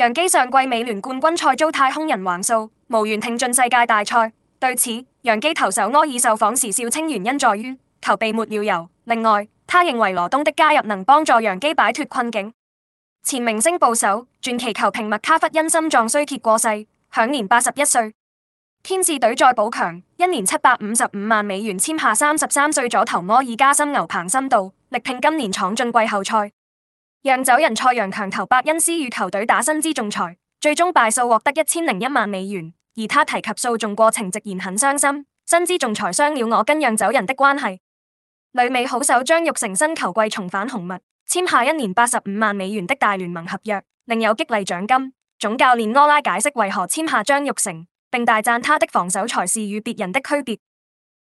洋基上季美聯冠，冠軍賽遭太空人橫掃，無緣挺進世界大賽。對此，洋基投手柯爾受訪時笑稱原因在於球被抹了油。另外，他認為羅東的加入能幫助洋基擺脫困境。前明星捕手、傳奇球評麥卡弗因心臟衰竭過世，享年八十一歲。天使隊再補強，一年七百五十五萬美元簽下三十三歲左投摩爾，加深牛棚深度，力拼今年闖進季後賽。釀酒人賽揚強投伯恩斯與球隊打薪資仲裁，最終敗訴，獲得一千零一萬美元。而他提及訴訟過程，直言很傷心，薪資仲裁傷了我跟釀酒人的關係。旅美好手張玉成新球季重返紅襪，簽下一年八十五萬美元的大聯盟合約，另有激勵獎金。總教練柯拉解釋為何簽下張玉成，並大讚他的防守才是與別人的區別。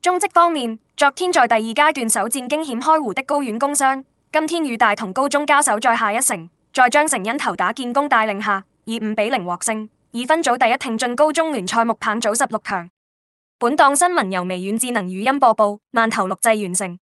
中職方面，昨天在第二階段首戰驚險開胡的高苑工商。今天與大同高中交手再下一城，在張成恩投打建功帶領下，以五比零獲勝，以分組第一挺進高中聯賽木棒組十六強。本檔新聞由微軟智能語音播報，慢投錄製完成。